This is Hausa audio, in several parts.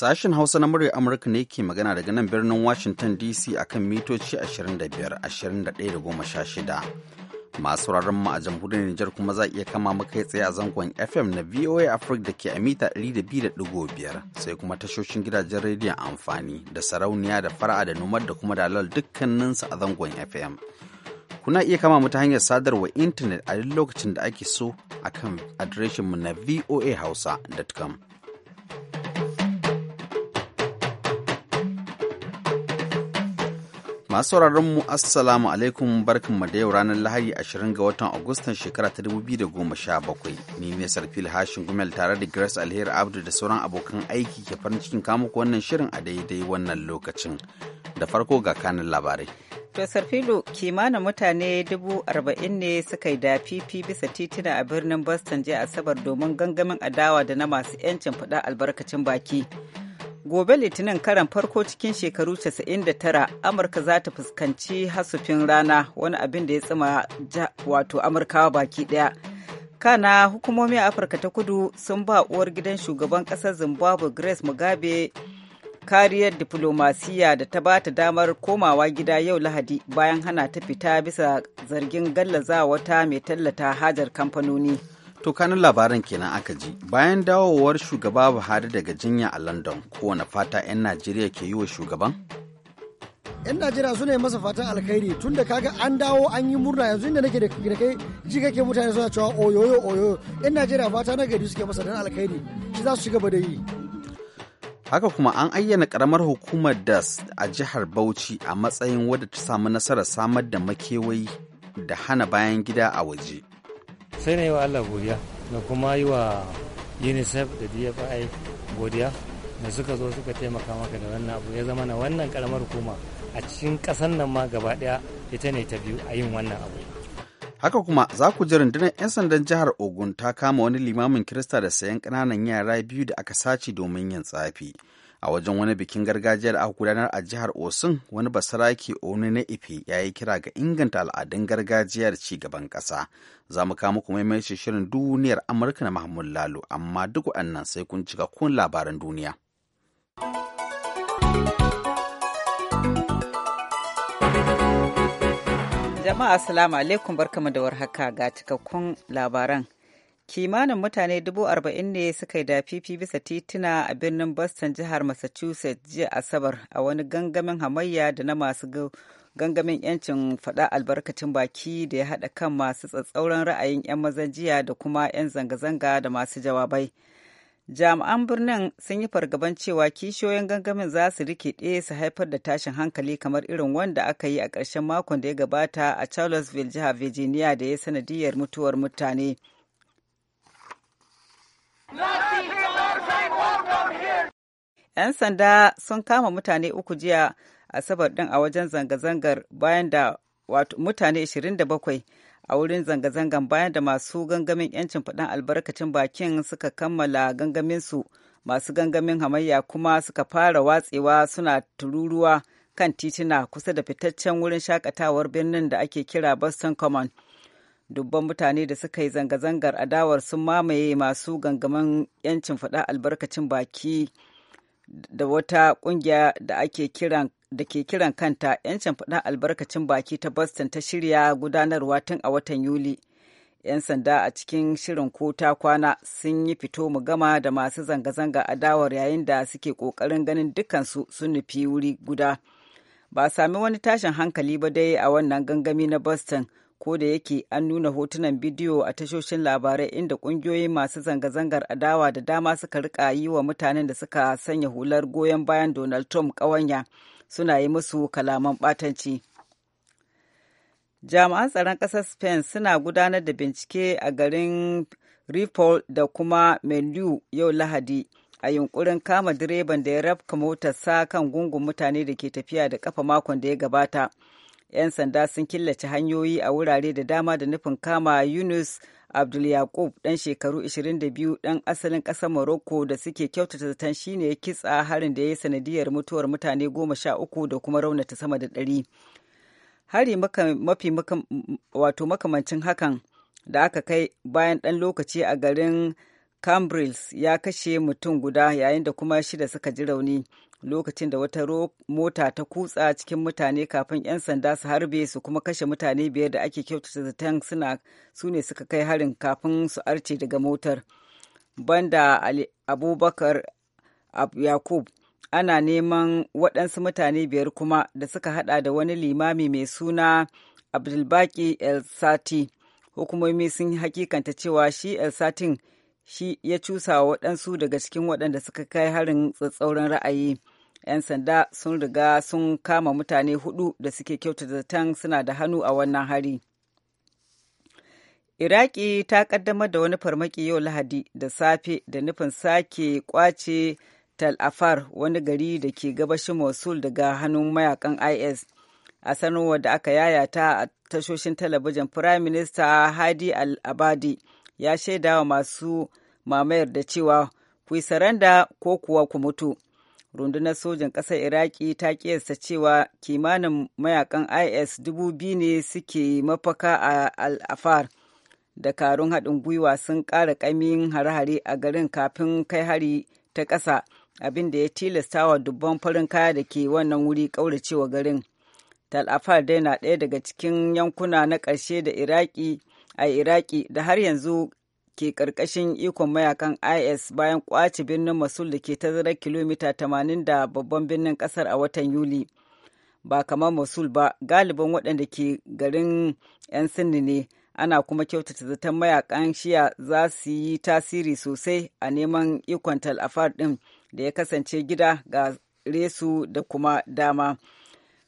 Sashen Hausa na murya Amurka ne ke magana daga nan birnin Washington DC akan mitoci 25 21 shida Masu rarren mu a jamhuriyar Nijar kuma za iya kama mu tsaye a zangon FM na VOA Africa da ke a mita 200.5 sai kuma tashoshin gidajen rediyon amfani da sarauniya da fara'a da numar da kuma dalal dukkaninsu a zangon FM. Kuna iya kama mu ta hanyar sadarwa intanet a duk lokacin da ake so a akan adireshinmu na voahausa.com. Masu sauraron mu Assalamu alaikum barkanmu da yau ranar Lahadi 20 ga watan Agustan shekara ta 2017. Ni ne Sarfil Hashin Gumel tare da Grace Alheri Abdu da sauran abokan aiki ke farin cikin ko wannan shirin a daidai wannan lokacin. Da farko ga kanin labarai. To Sarfilu kimanin mutane dubu arba'in ne suka yi dafifi bisa titina a birnin Boston jiya Asabar domin gangamin adawa da na masu 'yancin faɗa albarkacin baki. gobe litinin karan farko cikin shekaru 99 amurka za ta fuskanci hasufin rana wani abin da ya tsima wato amurkawa baki daya kana hukumomi a afirka ta kudu sun ba uwar gidan shugaban kasar zimbabwe grace mugabe kariyar diflomasiya da ta ba ta damar komawa gida yau lahadi bayan hana ta fita bisa zargin gallaza wata mai tallata hajar kamfanoni. To kanin labaran kenan aka ji bayan dawowar shugaba Buhari daga jinya a London kowane fata 'yan Najeriya ke yi wa shugaban? 'Yan Najeriya su ne masa fatan alkhairi tun da kaga an dawo an yi murna yanzu inda nake da kai ji kake mutane suna cewa oyoyo oyoyo 'yan Najeriya fata na gari suke masa dan alkhairi shi za su ci gaba da yi. Haka kuma an ayyana karamar hukumar DAS a jihar Bauchi a matsayin wadda ta samu nasarar samar da makewayi da hana bayan gida a waje. sai na yi wa allah godiya da kuma yi wa unicef da dfi godiya da suka zo suka taimaka maka da wannan abu ya zama na wannan karamar hukuma a cikin kasan nan ma gaba daya ita ne ta biyu a yin wannan abu haka kuma za ku ji rundunar 'yan sandan jihar ogun ta kama wani limamin kirista da sayan ƙananan yara biyu da aka sace domin yin tsafi a wajen wani bikin gargajiyar aka gudanar a jihar osun wani basarake onu na ife ya yi kira ga inganta al'adun gargajiyar ci gaban ƙasa za mu kama kuma mai shirin duniyar amurka na mahmud lalo amma duk waɗannan sai kun cika kun labaran duniya jama'a assalamu alaikum barkamu da warhaka ga cikakkun labaran kimanin mutane dubu arba'in ne suka yi da fifi bisa tituna a birnin boston jihar massachusetts jiya asabar a wani gangamin hamayya da na masu gangamin yancin faɗa albarkacin baki da ya haɗa kan masu tsatsauran ra'ayin 'yan mazan jiya da kuma 'yan zanga-zanga da masu jawabai jami'an birnin sun yi fargaban cewa kishiyoyin gangamin za su rikide su haifar da tashin hankali kamar irin wanda aka yi a ƙarshen makon da ya gabata a charlottesville jihar virginia da ya sanadiyar mutuwar mutane. 'Yan sanda sun kama mutane uku jiya Asabar ɗin a wajen zanga-zangar bayan da mutane 27 a wurin zanga zangar bayan da masu gangamin 'yancin faɗin albarkacin bakin suka kammala gangaminsu masu gangamin hamayya kuma suka fara watsewa suna tururuwa kan tituna kusa da fitaccen wurin shakatawar birnin da ake kira Boston Common. dubban mutane da suka yi zanga-zangar adawar sun mamaye masu gangamin 'yancin faɗa albarkacin baki da wata ƙungiya da ake kiran da ke kiran kanta 'yancin faɗa albarkacin baki ta boston ta shirya gudanarwa tun a watan yuli 'yan sanda a cikin shirin ko ta kwana sun yi fito mu gama da masu zanga-zanga adawar yayin da suke ƙoƙarin ganin dukansu sun nufi wuri guda ba sami wani tashin hankali ba dai a wannan gangami na boston ko da yake an nuna hotunan bidiyo a tashoshin labarai inda kungiyoyi masu zanga-zangar adawa da dama suka rika yi wa mutanen da suka sanya hular goyon bayan donald trump kawanya suna yi musu kalaman batanci jami'an tsaron ƙasar spain suna gudanar da bincike a garin ripple da kuma menu yau lahadi a yunkurin kama direban da ya rafka motarsa kan gungun mutane da ke tafiya da kafa makon da ya gabata 'yan sanda sun killace hanyoyi a wurare da dama da nufin kama yunus abdul yakub dan shekaru 22 dan asalin ƙasar morocco da suke kyautata zaton shine ya kitsa harin da ya yi sanadiyar mutuwar mutane goma sha uku da kuma raunata sama da ɗari hari mafi wato makamancin hakan da aka kai bayan ɗan lokaci a garin cambrils ya kashe mutum guda yayin da kuma shida suka ji rauni lokacin da wata mota ta kutsa cikin mutane kafin 'yan sanda su harbe su kuma kashe mutane biyar da ake kyautata zaton suna su ne suka kai harin kafin su arce daga motar banda abubakar yakub ana neman waɗansu mutane biyar kuma da suka hada da wani limami mai suna abdulbaki el sati hukumomi sun hakikanta cewa shi el satin shi ya cusa waɗansu daga cikin waɗanda suka kai harin tsatsauran ra'ayi 'yan sanda sun riga sun kama mutane hudu da suke kyautata zaton suna da hannu a wannan hari iraki ta kaddamar da wani farmaki yau lahadi da safe da nufin sake kwace tal afar wani gari da ke gabashin mosul daga hannun mayakan is a sanarwar da aka yayata a tashoshin talabijin firayim minista hadi al-abadi al abadi ya shaida wa masu mamayar da cewa ku yi saranda ko kuwa ku mutu rundunar sojan ƙasar iraki ta ƙiyasta cewa kimanin mayakan is dubu biyu ne suke mafaka a al'afar dakarun haɗin gwiwa sun ƙara ƙamin hare-hare a garin kafin kai hari ta ƙasa abinda ya tilasta wa dubban farin kaya da ke wannan wuri ƙauracewa garin tal afar dai na ɗaya daga cikin yankuna na ƙarshe da iraki a iraki da har yanzu ke ƙarƙashin ikon mayakan is bayan ƙwace birnin masul da ke tazarar kilomita 80 da babban birnin ƙasar a watan yuli ba kamar masul ba galibin waɗanda ke garin 'yan sinni ne ana kuma kyautata zaton mayakan shiya za su yi tasiri sosai a neman ikon tal'afar ɗin da ya kasance gida ga resu da kuma dama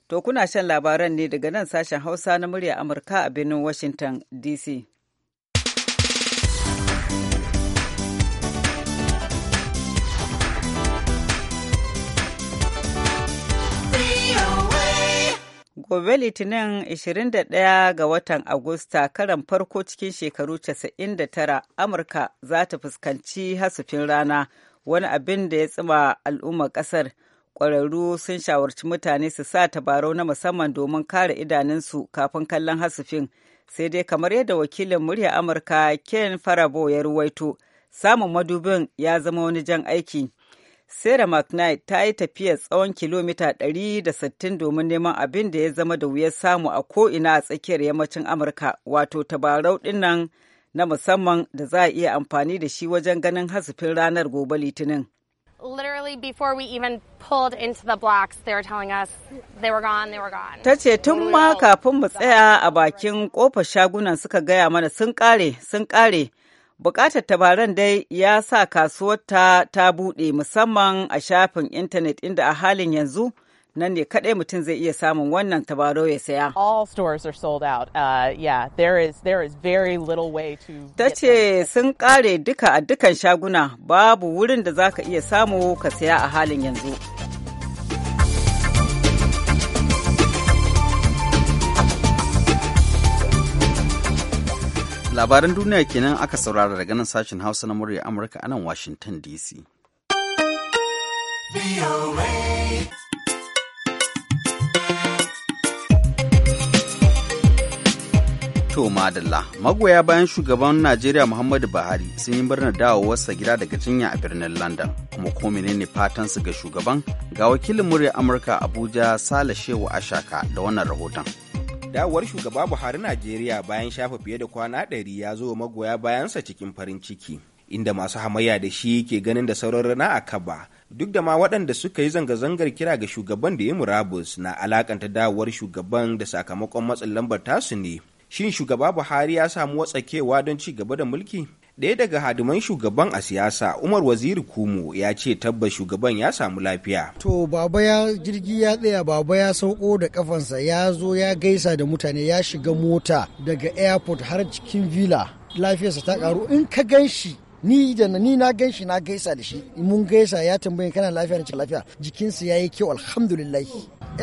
To kuna shan labaran ne daga nan sashen Hausa na murya Amurka a birnin Washington DC. Gobe Litinin 21 ga watan Agusta karan farko cikin shekaru 99 Amurka za ta fuskanci hasufin rana wani abin da ya tsima al'ummar ƙasar. kasar. ƙwararru sun shawarci mutane su sa tabarau na musamman domin kare idanunsu kafin kallon hasufin sai dai kamar yadda wakilin murya amurka ken farabo ya ruwaito samun madubin ya zama wani jan aiki Sera mcknight ta yi tafiya tsawon kilomita 160 domin neman abin da ya zama da wuyar samu a ko'ina a tsakiyar yammacin amurka wato tabarau dinnan na musamman da za a iya amfani da shi wajen ganin hasufin ranar gobe litinin literally before we even pulled into the blocks, they were telling us they were gone, they were gone. Ta ce tun ma kafin mu tsaya a bakin kofar shagunan suka gaya mana sun kare, sun kare. Bukatar tabaran dai ya sa kasuwar ta ta buɗe musamman a shafin intanet inda a halin yanzu nan ne kadai mutum zai iya samun wannan tabarau ya saya. All stores are sold out. Uh, yeah, there is there is very little way to Ta ce sun kare duka a dukan shaguna babu wurin da za ka iya samu ka saya a halin yanzu. Labaran duniya kenan aka saurara daga nan sashen Hausa na murya Amurka a nan Washington DC. To madalla magoya bayan shugaban Najeriya Muhammadu Buhari sun yi murnar dawowarsa gida daga jinya a birnin London kuma ko menene fatansu ga shugaban ga wakilin murya Amurka Abuja Sale Shehu Ashaka da wannan rahoton. Dawowar shugaba Buhari Najeriya bayan shafa fiye da kwana ɗari ya zo magoya bayansa cikin farin ciki inda masu hamayya da shi ke ganin da sauran rana a kaba. duk da ma waɗanda suka yi zanga-zangar kira ga shugaban da ya murabus na alakanta dawowar shugaban da sakamakon matsin lambar tasu ne shin shugaba buhari ya samu watsakewa don ci gaba da mulki ɗaya daga hadiman shugaban a siyasa umar waziri kumo ya ce tabbas shugaban ya samu lafiya to baba ya jirgi ya tsaya baba ya sauko da kafansa ya zo ya gaisa da mutane ya shiga mota daga airport har cikin villa lafiyarsa ta karu in ka gan shi ni da ni na gan na gaisa da shi mun gaisa ya tambaye kana lafiya ne lafiya jikinsa yayi kyau alhamdulillah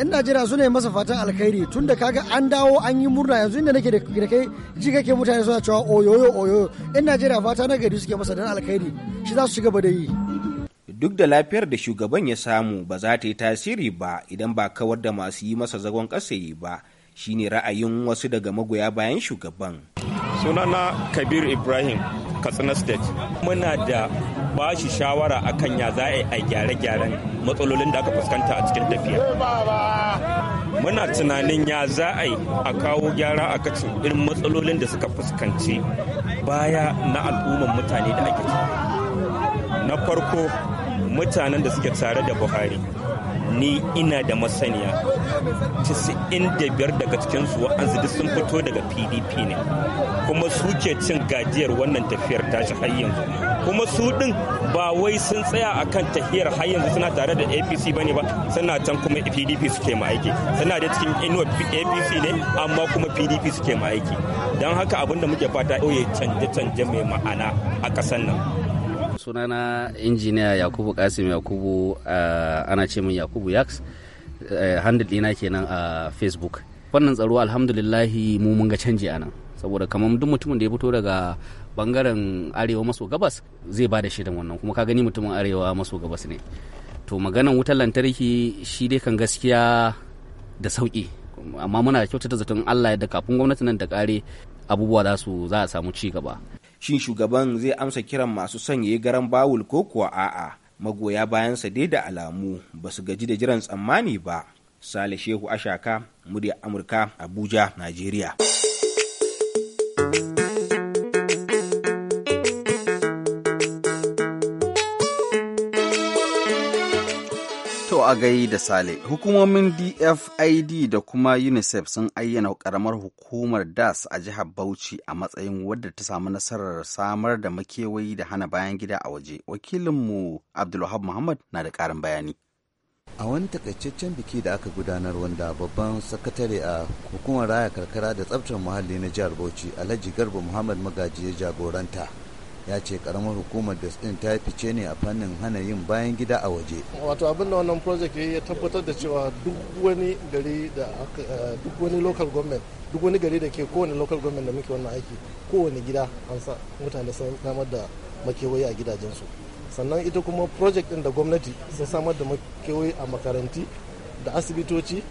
yan najeriya su ne masa fatan alkhairi tun da kaga an dawo an yi murna yanzu inda nake da kai ji kake mutane suna cewa oyoyo oyoyo yan najeriya fata na gari suke masa dan alkhairi shi za su shiga ba da yi duk da lafiyar da shugaban ya samu ba za ta yi tasiri ba idan ba kawar da masu yi masa zagon yi ba shine ra'ayin wasu daga magoya bayan shugaban sunana kabir ibrahim katsina state muna da bashi shawara akan ya za a gyare-gyaren matsalolin da aka fuskanta a cikin tafiya muna tunanin ya za a kawo gyara a kacin irin matsalolin da suka fuskanci baya na al'umman mutane da ake na farko mutanen da suke tare da buhari ni ina da masaniya 95 daga cikinsu wa'anzu duk sun fito daga pdp ne kuma su ke cin gajiyar wannan tafiyar tashi har yanzu kuma su din ba wai sun tsaya akan tafiyar har yanzu suna tare da apc ba ne ba suna can kuma pdp suke ke aiki suna da cikin inuwa apc ne amma kuma pdp suke ke aiki don haka da muke fata ya canje-canje mai ma'ana a ƙasar nan sunana injiniya yakubu kasim yakubu uh, ana ce min yakubu yaks uh, handle dina kenan a facebook fannin tsaro alhamdulillahi mu mun ga canji anan saboda kamar duk mutumin da ya fito daga bangaren arewa maso gabas zai ba da shirin wannan kuma ka gani mutumin arewa maso gabas ne to maganan wutar lantarki shi dai kan gaskiya da sauki amma muna kyautata zaton allah yadda kafin gwamnati nan ta kare abubuwa za su za a samu ci gaba shin shugaban zai amsa kiran masu sanya garan bawul ko kuwa a'a magoya bayansa dai da alamu ba su gaji da jiran tsammani ba sale shehu ashaka murya amurka abuja najeriya a gai da Sale, hukumomin DFID da kuma UNICEF sun ayyana karamar hukumar DAS a jihar Bauchi a matsayin wadda ta samu nasarar samar da makewayi da hana bayan gida a waje. Wakilinmu Abdulwahab Muhammad na da karin bayani. a wani takaitaccen biki da aka gudanar wanda babban sakatare a hukumar raya karkara da tsabtar muhalli na jihar bauchi alhaji garba muhammad magaji ya jagoranta ya ce karamar hukumar da din ta fice ne a fannin hana yin bayan gida a waje wato abin da wannan project ya tabbatar da cewa duk wani gari da eh, duk wani local government duk wani gari da ke kowane local government da muke wannan aiki kowane gida an sa mutane sun samar da makewayi a gidajensu sannan ita kuma project din da gwamnati sun samar da makewayi a makaranti da asibitoci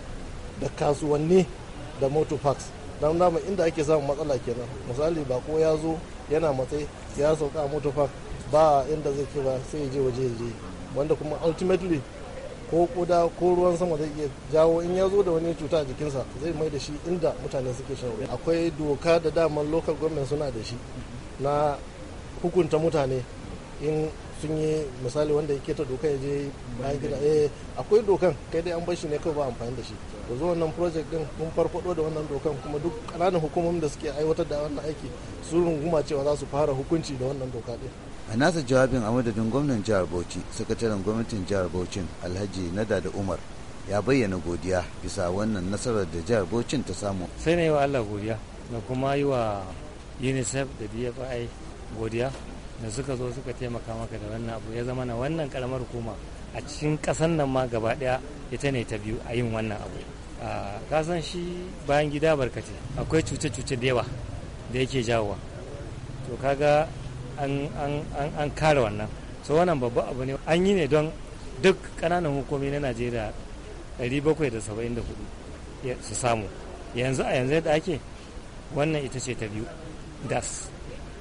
da kasuwanni da motor parks don dama inda ake samun matsala kenan misali ba ko ya zo yana matsayi ya sauka a motor ba inda zai ke ba sai ya je waje ya je wanda kuma ultimately ko koda ko ruwan sama zai iya jawo in ya zo da wani cuta a jikinsa zai mai da shi inda mutane suke shan ruwa akwai doka da daman local government suna da shi na hukunta mutane in sun yi misali wanda ya keta doka ya je bayan gida eh, akwai dokan kai dai an bar shi ne kawai ba amfani da shi da zuwa wannan project din mun farfado da wannan dokan kuma duk kananan hukumomin da suke aiwatar da wannan aiki su runguma cewa za su fara hukunci da wannan doka din a nasa jawabin a madadin gwamnan jihar bauchi sakataren gwamnatin jihar bauchi alhaji nada da umar ya bayyana godiya bisa wannan nasarar da jihar bauchi ta samu sai na yi wa allah godiya da kuma yi wa unicef da dfi godiya da suka zo suka taimaka maka da wannan abu ya zama na wannan karamar hukuma a cikin kasan nan ma gaba ɗaya ita ne ta biyu a yin wannan abu ka san shi bayan gida barkace akwai cuce-cuce da yawa da yake jawowa to kaga an kare wannan so wannan babba abu ne an yi ne don duk ƙananan hukumi na najeriya 774 su samu yanzu a yanzu yadda ake wannan ita ce ta biyu Das.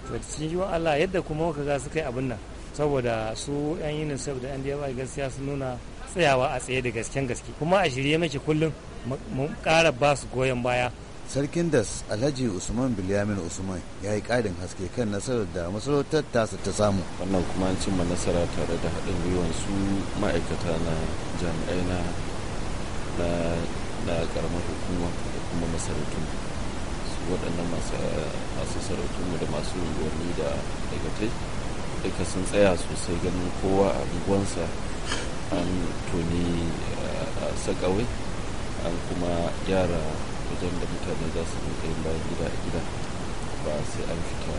to cikin yiwuwa allah yadda kuma waka ga suka yi abin nan saboda su yan unicef da yan gaskiya sun nuna tsayawa a tsaye da gasken gaske kuma a shirye maki kullum mun ƙara ba su goyon baya sarkin das alhaji usman bilyamin usman ya yi ƙarin haske kan nasarar da masarautar tasa ta samu wannan kuma an cimma nasara tare da haɗin gwiwan su ma'aikata na jami'ai na na ƙaramar hukuma da kuma masarautu su waɗannan masu sarautu da masu unguwanni da dagatai duka sun tsaya sosai ganin kowa a unguwansa an toni a sakawai an kuma gyara wajen da mutane za su rinka yin bayan gida a gida ba sai an fita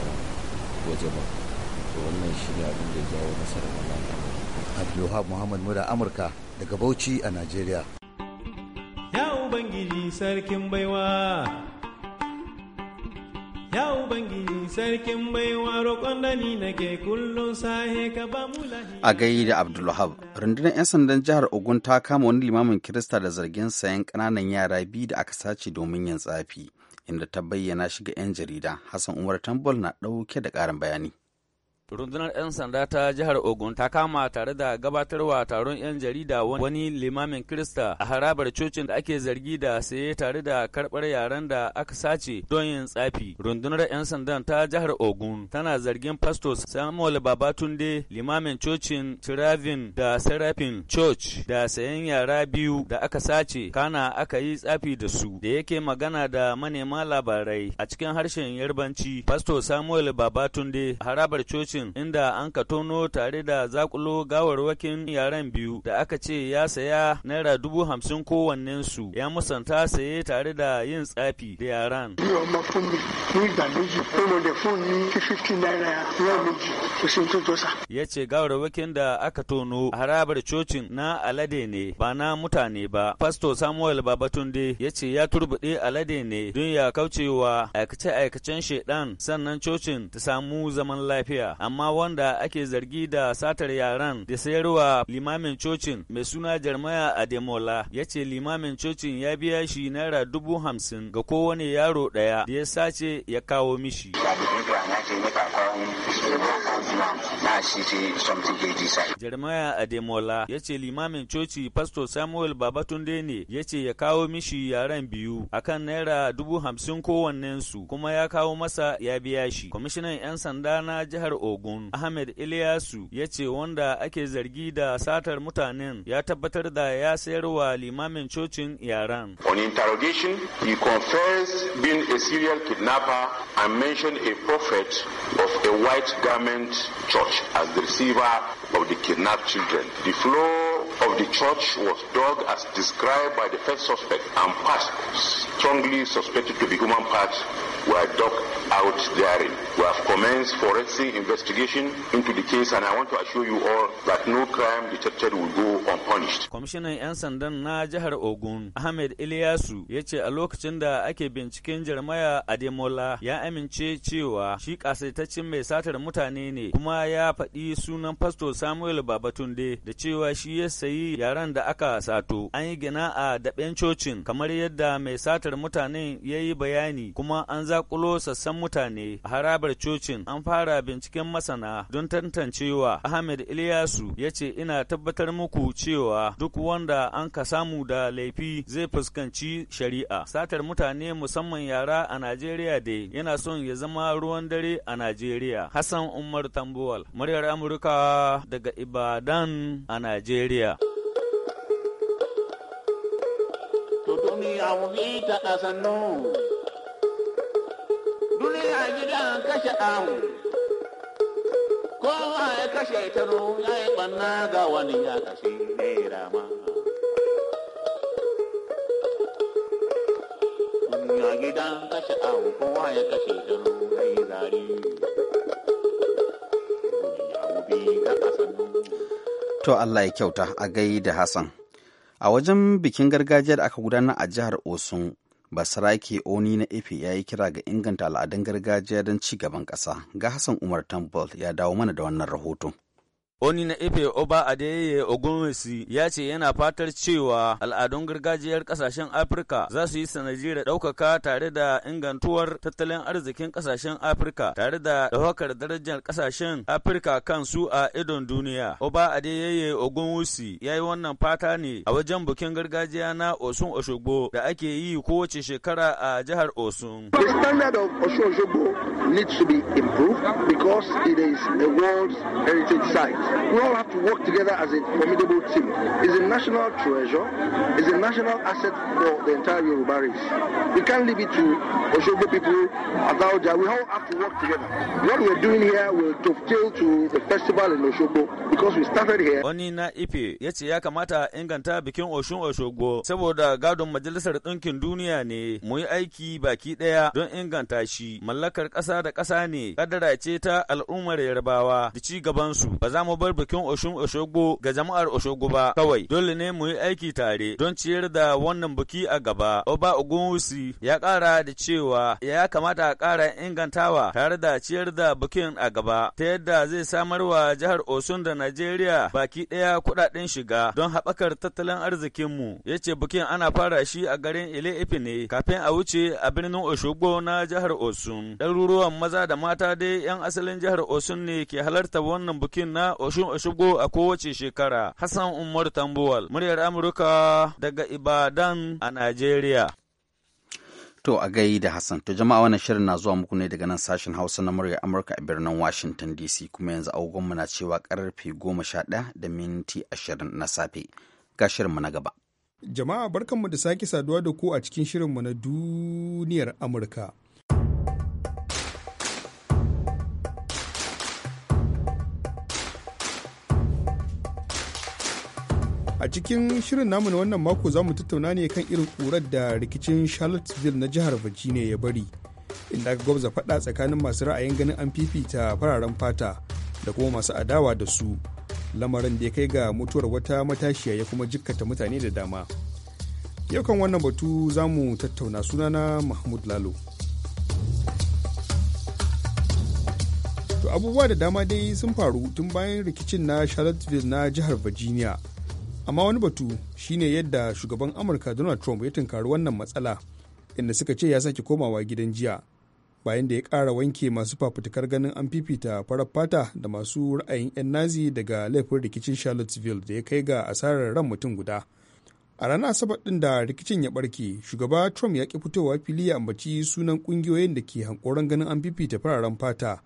waje ba to wannan shi ne abin da ya jawo nasarar wannan Abdullahi abdulwahab muhammad muda amurka daga bauchi a najeriya ya ubangiji sarkin baiwa Ya Ubangiji sarkin baiwa roƙon nake kullum sahe ka ba A gayi da Abdulwahab, rundunar 'yan sandan jihar Ogun ta kama wani limamin Kirista da zargin sayan ƙananan yara biyu da aka sace domin yin tsafi, inda ta bayyana shiga 'yan jarida Hassan Umar Tambol na ɗauke da ƙarin bayani. rundunar 'yan sanda ta jihar ogun ta kama tare da gabatarwa taron 'yan jarida wani limamin krista a harabar cocin da ake zargi da saye tare da karbar yaren da aka sace don yin tsafi rundunar 'yan sandan ta jihar ogun tana zargin pastor samuel babatunde limamin cocin tiravin da serafin church da sayan yara biyu da aka sace kana aka yi tsafi da su da yake magana da manema labarai a cikin harshen yarbanci pastor samuel babatunde harabar cocin lokacin inda an ka tono tare da zakulo gawarwakin yaran biyu da aka ce ya saya naira dubu hamsin kowannen su ya musanta saye tare da yin tsafi da yaran. Ya ce gawarwakin da aka tono harabar cocin na alade ne ba na mutane ba. Fasto Samuel Babatunde ya ce ya turbuɗe alade ne don ya kaucewa aikace-aikacen shaidan sannan cocin ta samu zaman lafiya. amma wanda ake zargi da satar yaran da sayarwa limamin cocin mai suna Jarmaya Ademola ya ce limamin cocin ya biya shi naira dubu hamsin ga kowane yaro ɗaya da ya sace ya kawo mishi. na Ademola ya ce limamin coci Pastor Samuel Babatunde ne ya ce ya kawo mishi yaran biyu akan naira dubu hamsin su kuma ya kawo masa ya biya shi. Kwamishinan 'yan sanda na jihar Ogun Ahmed Ilyasu ya ce wanda ake zargi da satar mutanen ya tabbatar da ya sayarwa limamin cocin yaran. On interrogation, he confessed being a serial kidnapper and mentioned a prophet of a white garment church as the receiver of the kidnapped children. The floor of the church was dug as described by the first suspect and parts strongly suspected to be human parts were docked out therein. We have commenced forensic investigation into the case and I want to assure you all that no crime detected will go unpunished. Kwamishinan 'yan sandan na jihar Ogun, Ahmed Ilyasu, ya ce a lokacin da ake binciken Jeremiah Ademola ya amince cewa shi kasaitaccen mai satar mutane ne kuma ya faɗi sunan Pastor Samuel Babatunde da cewa shi ya sayi yaran da aka sato. An yi gina a daɓen cocin kamar yadda mai satar mutanen ya yi bayani kuma an za zakulo sassan mutane a harabar cocin an fara binciken masana don tantancewa Ahmed Ilyasu ya ce ina tabbatar muku cewa duk wanda an ka samu da laifi zai fuskanci shari'a. Satar mutane musamman yara a Najeriya dai yana son ya zama ruwan dare a Najeriya. Hassan Umar Tambuwal, muryar Amurka daga Ibadan a Najeriya. duniya mu ta an kashe ahu kowa To Allah ya kyauta a gai da Hassan. A wajen bikin gargajiyar aka gudana a jihar Osun, basarake oni na efe ya yi kira ga inganta al'adun gargajiya don ci gaban ƙasa ga hassan umar tambol ya dawo mana da wannan rahoton Oni na Ife Oba Adeyeye Ogunwesi ya ce yana fatar cewa al'adun gargajiyar kasashen Afirka za su yi sanadiyar ɗaukaka tare da ingantuwar tattalin arzikin kasashen Afirka tare da ɗaukar darajar kasashen Afirka kan su a idon duniya. Oba Adeyeye Ogunwesi ya yi wannan fata ne a wajen bukin gargajiya na Osun Oshogbo da ake yi kowace shekara a jihar Osun. The standard of needs to be improved because it is a world heritage site. We all have to work together as a formidable team. It's a national treasure. It's a national asset for the entire Yoruba race. We can't leave it to Oshogbo people, Adaoja. We all have to work together. What we're doing here will dovetail to the festival in Oshogbo because we started here. Wani na ife ya ce ya kamata inganta bikin Oshun Oshogbo saboda gadon Majalisar Ɗinkin Duniya ne mu yi aiki baki ɗaya don inganta shi. Mallakar ƙasa da ƙasa ne, kadara ce ta al'ummar Yarbawa da ci gabansu. Ba za mu bar bikin Oshun Oshogbo ga jama'ar Oshogbo ba kawai. Dole ne mu yi aiki tare don ciyar da wannan biki a gaba. Oba Ogunwusi ya kara da cewa ya kamata a kara ingantawa tare da ciyar da bikin a gaba ta yadda zai samar wa jihar Osun da Najeriya baki ɗaya kuɗaɗen shiga don haɓakar tattalin arzikinmu. Ya ce bikin ana fara shi a garin Ile Ife ne kafin a wuce a birnin Oshogbo na jihar Osun. Ɗaruruwan maza da mata dai 'yan asalin jihar Osun ne ke halarta wannan bikin na shigo a kowace shekara. Hassan Umar Tambuwal, muryar Amurka daga Ibadan a Najeriya. To a gai da Hassan, to jama'a wannan shirin na zuwa muku ne daga nan sashen Hausa na muryar Amurka a birnin Washington DC kuma yanzu agogonmu na cewa karfe goma sha ɗaya da minti ashirin na safe. Ga shirinmu na gaba. Jama'a barkanmu da sake saduwa da ku a cikin shirinmu na duniyar Amurka. a cikin shirin namu na wannan mako za mu tattauna ne kan irin ƙurar da rikicin charlottesville na jihar virginia ya bari inda aka gwabza faɗa tsakanin masu ra'ayin ganin an fifita fararen fata da kuma masu adawa da su lamarin da ya kai ga mutuwar wata matashiya ya kuma jikkata mutane da dama yau kan wannan batu za mu tattauna na mahmud lalo abubuwa da dama dai sun faru tun bayan rikicin na charlottesville na jihar virginia amma wani batu shine yadda shugaban amurka donald trump ya tunkari wannan matsala inda suka ce ya sake komawa gidan jiya bayan da ya kara wanke masu fafutukar ganin an fifita farar fata da masu ra'ayin 'yan nazi daga laifin rikicin charlottesville da ya kai ga asarar ran mutum guda a ranar asabar ɗin da rikicin ya barke shugaba trump ya ki fitowa fili ya ambaci sunan ƙungiyoyin da ke hankoron ganin an fifita fararen fata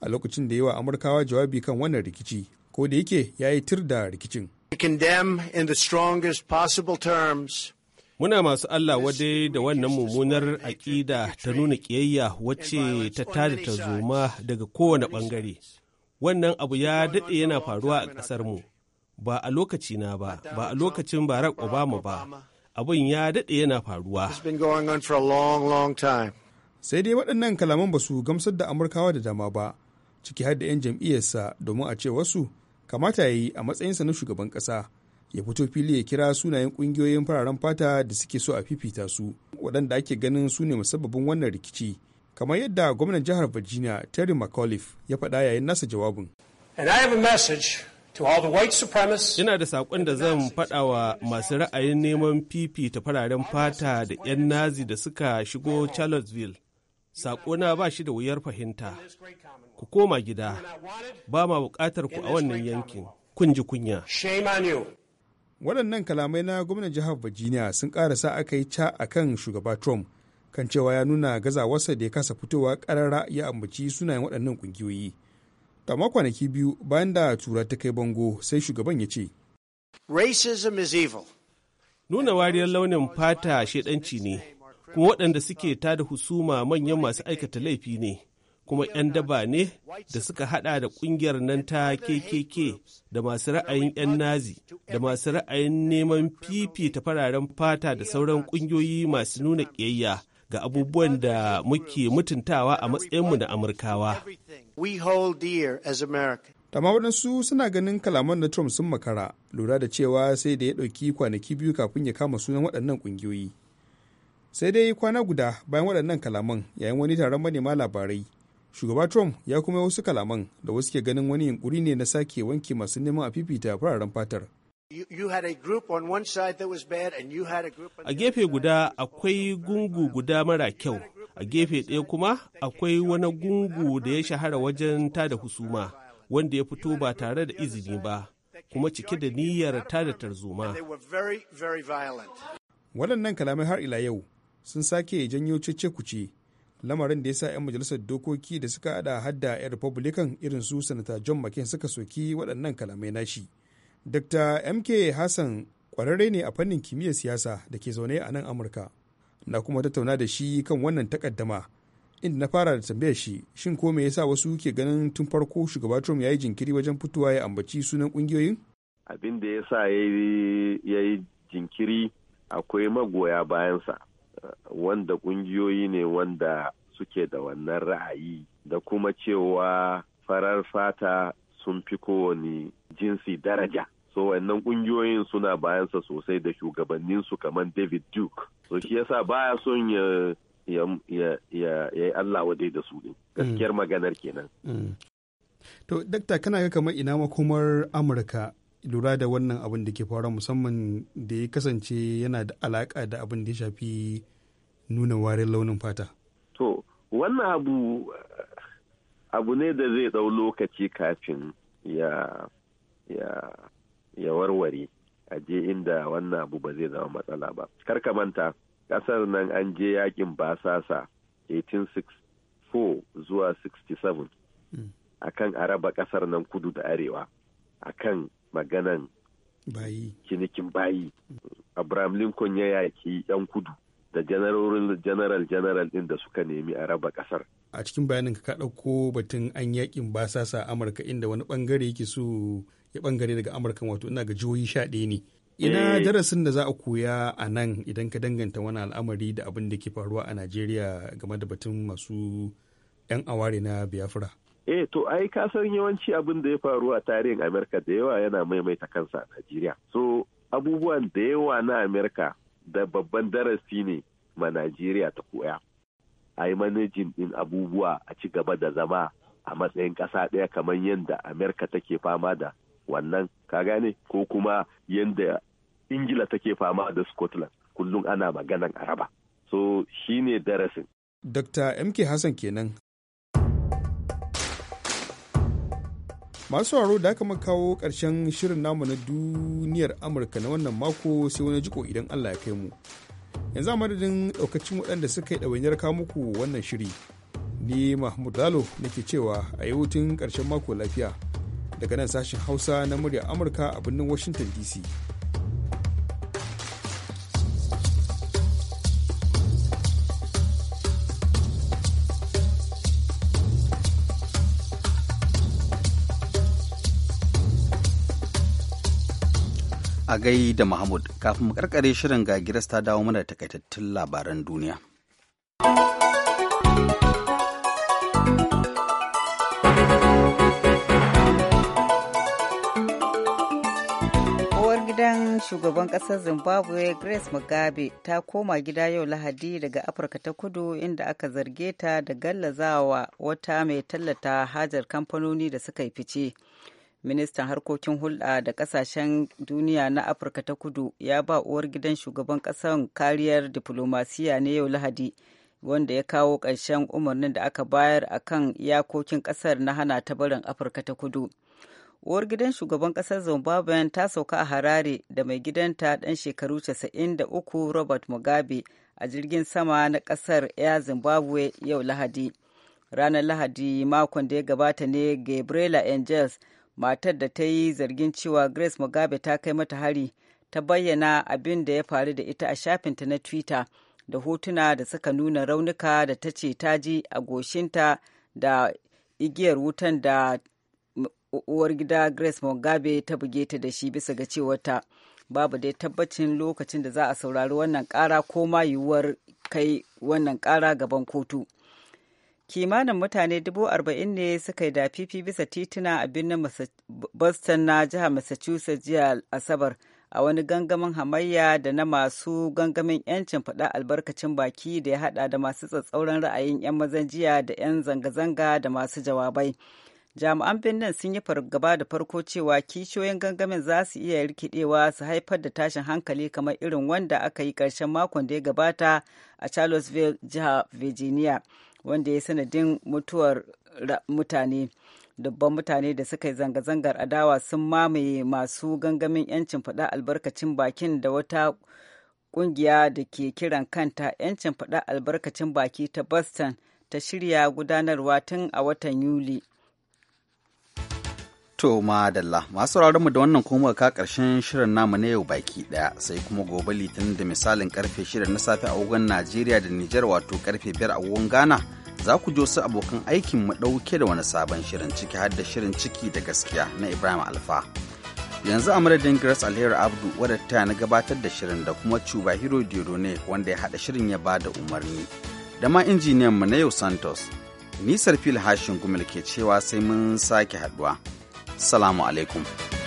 a lokacin da yawa amurkawa jawabi kan wannan rikici ko da yake ya yi tir da rikicin condemn in the strongest possible terms. Muna masu Allah wadai da wannan mummunar aƙida ta nuna ƙiyayya wacce ta tada zoma daga kowane ɓangare. Wannan abu ya daɗe yana faruwa a ƙasarmu, ba a lokacina ba, ba a lokacin Barack Obama ba, abin ya daɗe yana faruwa. Sai dai waɗannan kalaman ba su gamsar da Amurkawa da dama ba, ciki har da 'yan jam'iyyarsa domin a ce wasu kamata ya yi a matsayinsa na shugaban kasa ya fito fili ya kira sunayen kungiyoyin fararen fata da suke so a fifita su waɗanda ake ganin su ne musabbabin wannan rikici kamar yadda gwamnan jihar virginia terry mcauliffe ya faɗa yayin nasa jawabin Ina da saƙon da zan faɗa wa masu ra'ayin neman fifita fararen fata da 'yan Nazi da suka shigo Charlottesville. saƙona ba shi da wuyar fahimta ku koma gida ba ma buƙatar ku a wannan yankin kun ji kunya waɗannan kalamai na gwamnan jihar virginia sun ƙarasa aka yi ca a kan shugaba trump kan cewa ya nuna gazawarsa da ya kasa fitowa ƙarara ya ambaci sunayen waɗannan ƙungiyoyi amma kwanaki biyu bayan da tura ta kai bango sai shugaban ya ce nuna wariyar launin fata shaidanci ne kuma waɗanda suke ta da husuma manyan masu aikata laifi ne kuma 'yan daba ne da suka hada da ƙungiyar nan ta kkk da masu ra'ayin 'yan nazi da masu ra'ayin neman fifita fararen fata da sauran ƙungiyoyi masu nuna ƙiyayya ga abubuwan da muke mutuntawa a matsayinmu na amurkawa Tama waɗansu suna ganin kalaman na Trump sun makara, lura da cewa sai da ya ɗauki kwanaki biyu kafin ya kama sunan waɗannan ƙungiyoyi. sai dai kwana guda bayan waɗannan kalaman yayin wani taron manema labarai shugaba trump ya kuma wasu kalaman da wasu ke ganin wani yunkuri ne na sake wanke masu neman a fifita fararen fatar a gefe guda akwai gungu guda mara kyau a gefe ɗaya kuma akwai wani gungu da ya shahara wajen tada husuma wanda ya fito ba tare da izini ba kuma cike da niyyar tada tarzoma waɗannan kalamai har ila yau sun sake janyo cece kuce lamarin da ya sa 'yan majalisar dokoki da suka hada hadda 'yan republican irin su sanata john mccain suka soki waɗannan kalamai nashi dr mk hassan ƙwararre ne a fannin kimiyyar siyasa da ke zaune a nan amurka na kuma tattauna da shi kan wannan takaddama inda na fara da tambayar shi shin ko me yasa wasu ke ganin tun farko shugaba trump ya yi jinkiri wajen fitowa ya ambaci sunan kungiyoyin abin da sa ya yi jinkiri akwai magoya bayansa wanda ƙungiyoyi ne wanda suke da wannan ra'ayi da kuma cewa farar fata sun fi kowane jinsi daraja so wannan kungiyoyin suna bayansa sosai da shugabanninsu kamar david duke so shi yasa baya son ya ya yi allah wadai da su ne mm. gaskiyar maganar kenan mm. to dakta kana ga kamar ina makomar amurka lura da wannan abin da ke faruwa musamman da ya kasance yana da alaka da abin da ya shafi nuna warin launin fata to wannan abu abu ne da zai ɗau lokaci kafin ya ya ya warware a je inda wannan abu ba zai zama matsala ba karka manta ƙasar nan an je yakin basasa 1864 zuwa 67 hmm. akan araba ƙasar nan kudu da arewa akan maganan bayi cinikin bayi abraham lincoln ya yaki yan kudu da janarorin janaral janaral din da suka nemi a raba kasar a cikin bayanin ka ɗauko batun an yakin basasa amurka inda wani bangare yake so ya bangare daga amurka wato ina ga jihohi sha ɗaya ne ina eh. darasin da za a koya a nan idan ka danganta wani al'amari da abin da ke faruwa a najeriya game da batun masu 'yan aware na biafra eh to ai ka san yawanci abin da ya faru a tarihin Amurka da yawa yana maimaita kansa a najeriya so abubuwan da yawa na Amurka. da babban darasi ne ma Najeriya ta koya. A yi manajin ɗin abubuwa a ci gaba da zama a matsayin ƙasa ɗaya kamar yadda Amerika take fama da wannan ka gane ko kuma yadda Ingila take fama da Scotland kullum ana maganan Araba. So shi ne darasin. Dr. MK Hassan kenan masu sauraro da aka kawo ƙarshen shirin namu na duniyar amurka na wannan mako sai wani jiko idan allah ya kai mu yanzu a madadin ɗaukacin waɗanda suka yi ɗawainiyar kawo muku wannan shiri ni mahmud lalo nake cewa a yi hutun karshen mako lafiya daga nan sashen hausa na murya amurka a birnin washington dc a gai da Mahmud kafin mu karkare shirin ga giras ta dawo mana takaitattun labaran duniya. gidan shugaban kasar zimbabwe grace mugabe ta koma gida yau lahadi daga afirka ta kudu inda aka zarge ta da gallazawa wata mai tallata hajar kamfanoni da suka yi fice ministan harkokin hulɗa da ƙasashen duniya na afirka ta kudu ya ba uwar gidan shugaban ƙasar kariyar diflomasiya ne yau lahadi wanda ya kawo ƙarshen umarnin da aka bayar a kan iyakokin ƙasar na hana ta barin afirka ta kudu uwar gidan shugaban ƙasar zimbabwe ta sauka a harare da mai gidanta ɗan shekaru casa'in da uku robert mugabe a jirgin sama na ƙasar air zimbabwe yau lahadi ranar lahadi makon da ya gabata ne gabriela angels matar da ta yi zargin cewa grace mugabe ta kai mata hari ta bayyana abin da ya faru da ita a shafinta na twitter da hotuna da suka nuna raunuka da ta ce ta ji a goshinta da igiyar wutan da uwar gida grace mugabe ta buge ta da shi bisa ga cewarta babu dai tabbacin lokacin da za a saurari wannan kara ko ma yiwuwar kai wannan kara gaban kotu. kimanin mutane dubu arba'in ne suka yi dafifi bisa tituna a birnin boston na jihar massachusetts jiya asabar a wani gangamin hamayya da na masu gangamin 'yancin faɗa albarkacin baki da ya haɗa da masu tsatsauran ra'ayin 'yan mazan jiya da 'yan zanga-zanga da masu jawabai jami'an birnin sun yi fargaba da farko cewa kishiyoyin gangamin za su iya rikidewa su haifar da tashin hankali kamar irin wanda aka yi ƙarshen makon da ya gabata a charlottesville jihar virginia wanda ya sanadin mutuwar mutane dubban mutane da suka yi zanga-zangar adawa sun mamaye masu gangamin 'yancin faɗa albarkacin bakin da wata ƙungiya da ke kiran kanta 'yancin faɗa albarkacin baki ta boston ta shirya gudanarwa tun a watan yuli To madalla masu mu da wannan kuma ka karshen shirin namu na yau baki daya sai kuma gobe litinin da misalin karfe shirin na safe a wugan Najeriya da Nijar wato karfe biyar a wugan Ghana za ku jo su abokan aikin mu dauke da wani sabon shirin ciki har da shirin ciki da gaskiya na Ibrahim Alfa. Yanzu a madadin Grace Alheri Abdu wadda ta na gabatar da shirin da kuma Cuba Hiro ne wanda ya haɗa shirin ya ba da umarni. Da ma injiniyan mu na yau Santos. Nisar fil hashin gumil ke cewa sai mun sake haɗuwa. assalamu alaikum.